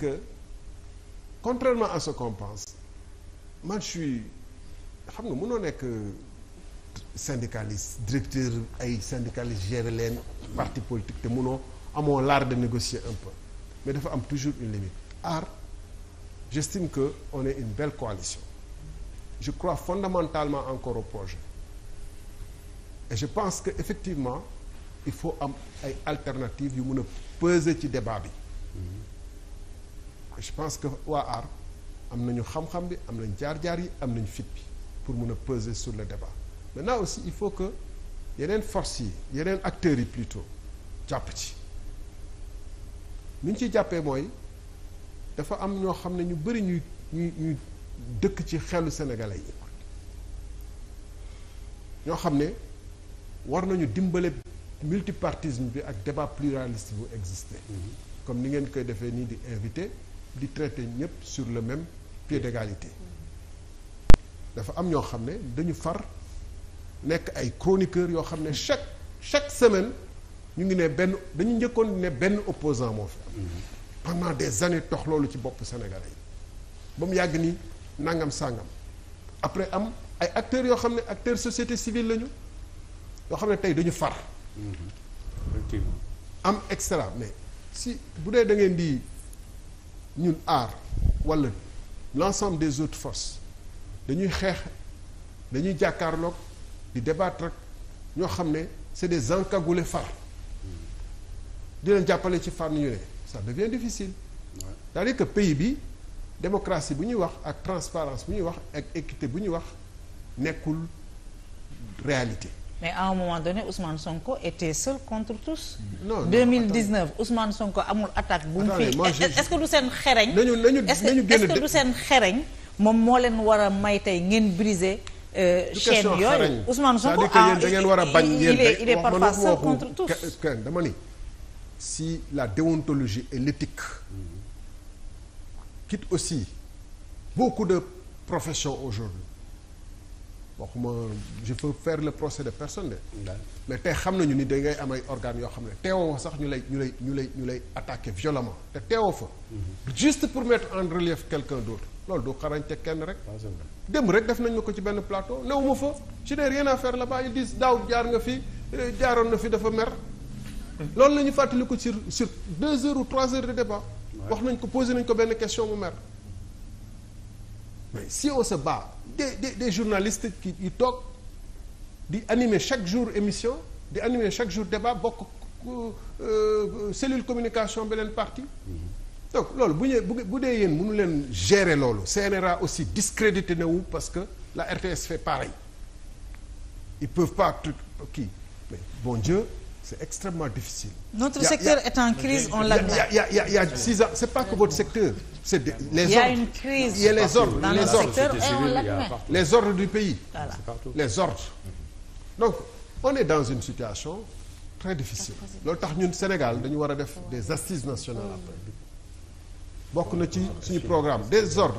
que contrairement à ce qu'on pense man xam nga mënoo nekk syndicaliste directeur ay syndicaliste gérer leen parti politique te mënoo amoo laar de négocier un peu mais dafa am toujours une limite je j'estime que on est une belle coalition je crois fondamentalement encore au projet je pense que effectivement il faut am ay alternatives yu mën a peser ci débat bi je pense que waa aar am nañu xam-xam bi am nañ jaar-jaar yi am nañ fit bi pour mun a peser sur le débat maintenant aussi il faut que yeneen force yi yeneen acteurs yi plutôt jàpp ci ni ñu jàppee mooy dafa am ñoo xam ne ñu bëri ñuy ñuy ñuy dëkk ci xelu sénégalais yi ñoo xam ne war nañu dimbale multipartisme bi ak débat pluraliste bu exister mm-hmm. comme ni ngeen koy defee nii di invité di traiter ñëpp sur le même pied d'égalité dafa am ñoo xam ne dañu far nekk ay chroniqueurs yoo xam ne chaque chaque semaine ñu ngi ne benn dañu njëkkoon ne benn opposant moo fi pendant des années tox loolu ci boppu Sénégalais yi ba mu yàgg ni nangam sàngam après am ay acteurs yoo xam ne acteurs société civile lañu yoo xam ne tey dañu far mm-hmm. am extra mais si bu dee da ngeen di ñun aar wala l'ensemble des autres forces dañuy xeex dañuy jàkkaarloog di débattre ak ñoo xam ne c'est des encagoulés far di leen jàppale ci fànn ñu ne ça devient difficile cest à que pays bi démocratie bu ñuy wax ak transparence bu ñuy wax ak équité bu ñuy wax nekkul réalité mais à moment donné Ousmane Sonko était seul contre tous. non non 2019 Ousmane Sonko amul attaque. bu mu fii est-ce que du seen xereñ. nañu nañu est-ce que du seen xereñ moom moo leen war a may tey ngeen briser. Euh, chaîne yooyu Ousmane Sonko ah da ngeen war a bañ. il est il est parfois seul contre tous. dama ni si la déontologie et l'éthique quitte aussi beaucoup de professions aujourd'hui waxuma je peux faire le procès de personne de mais tey xam nañu ni da ngay am ay organes yoo xam ne teewoo sax ñu lay ñu lay ñu lay ñu lay attaqué violemment te teewoo fa mhm. juste pour mettre en relief quelqu'un d'autre loolu du xarañte kenn rek dem rek def nañ ma ko ci benn plateau ma fa je n'ai rien à faire là-bas ils disent daaw jaar nga fi eh, jaaroon na fi dafa mer loolu la ñu fàttali ko sur sur deux heures ou trois heures de débat wax nañ ko posé nañ ko benn question mu mer mais si on se bat des des, des journalistes yi toog di animer chaque jour émission di animer chaque jour débat bokk euh, euh cellule communication beneen parti. Mm-hmm. donc loolu bu ñu bu dee yéen mënu leen gérer loolu CNRA aussi discrédité na wu parce que la RTS fait pareil ils peuvent pas truc bon Dieu. c'est extrêmement difficile. notre secteur est en crise on l'admet. il y a il y a il c'est pas que votre secteur. c'est les ordres il y a une a les ordres dans les ordres les ordres du pays. les ordres. donc on est dans une situation très difficile loolu tax ñun Sénégal dañu war a def des assises nationales bokk na ci suñu programme des ordres.